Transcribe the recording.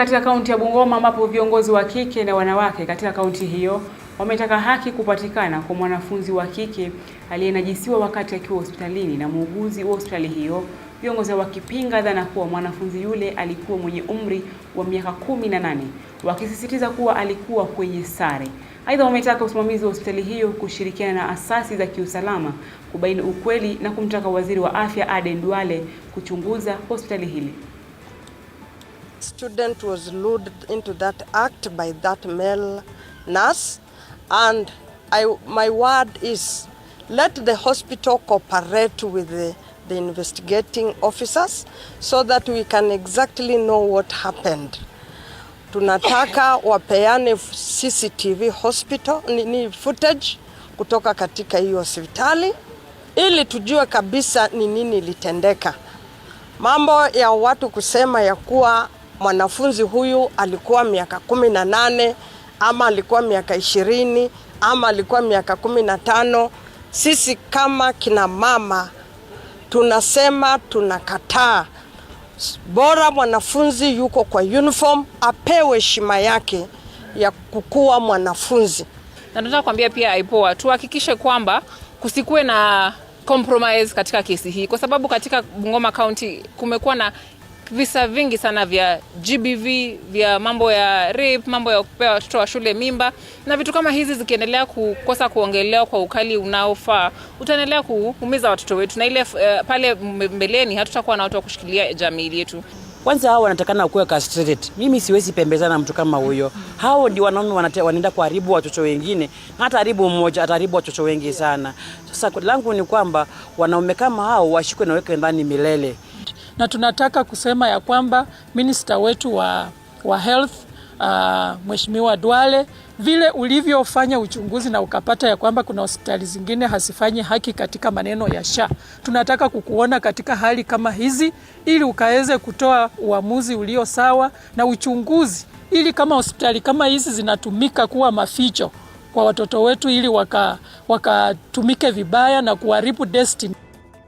Katika kaunti ya Bungoma ambapo viongozi wa kike na wanawake katika kaunti hiyo wametaka haki kupatikana kwa mwanafunzi wa kike aliyenajisiwa wakati akiwa hospitalini na muuguzi wa hospitali hiyo, viongozi wakipinga dhana kuwa mwanafunzi yule alikuwa mwenye umri wa miaka kumi na nane, wakisisitiza kuwa alikuwa kwenye sare. Aidha, wametaka usimamizi wa hospitali hiyo kushirikiana na asasi za kiusalama kubaini ukweli na kumtaka Waziri wa Afya Aden Duale kuchunguza hospitali hili student was lured into that act by that male nurse and I, my word is let the hospital cooperate with the, the investigating officers so that we can exactly know what happened. Tunataka wapeane CCTV hospital ni footage kutoka katika hiyo hospitali ili tujue kabisa ni nini ilitendeka. Mambo ya watu kusema ya kuwa mwanafunzi huyu alikuwa miaka kumi na nane ama alikuwa miaka ishirini ama alikuwa miaka kumi na tano. Sisi kama kina mama tunasema tunakataa. Bora mwanafunzi yuko kwa uniform, apewe heshima yake ya kukuwa mwanafunzi. Na tunataka kuambia pia aipoa tuhakikishe kwamba kusikuwe na compromise katika kesi hii, kwa sababu katika Bungoma kaunti kumekuwa na visa vingi sana vya GBV vya mambo ya rape, mambo ya kupea watoto wa shule mimba na vitu kama hizi. Zikiendelea kukosa kuongelewa kwa ukali unaofaa, utaendelea kuumiza watoto wetu, na ile uh, pale mbeleni hatutakuwa na watu wa kushikilia jamii yetu. Kwanza hao wanatakana kuwa castrated. Mimi siwezi pembezana na mtu kama huyo. Hao ndio wanaume wanaenda kuharibu watoto wengine, hata haribu mmoja ataharibu watoto wengi sana. Sasa langu ni kwamba wanaume kama hao washikwe na wekwe ndani milele na tunataka kusema ya kwamba minista wetu wa, wa health uh, Mheshimiwa Dwale, vile ulivyofanya uchunguzi na ukapata ya kwamba kuna hospitali zingine hazifanyi haki katika maneno ya SHA, tunataka kukuona katika hali kama hizi, ili ukaweze kutoa uamuzi ulio sawa na uchunguzi, ili kama hospitali kama hizi zinatumika kuwa maficho kwa watoto wetu, ili wakatumike waka vibaya na kuharibu destiny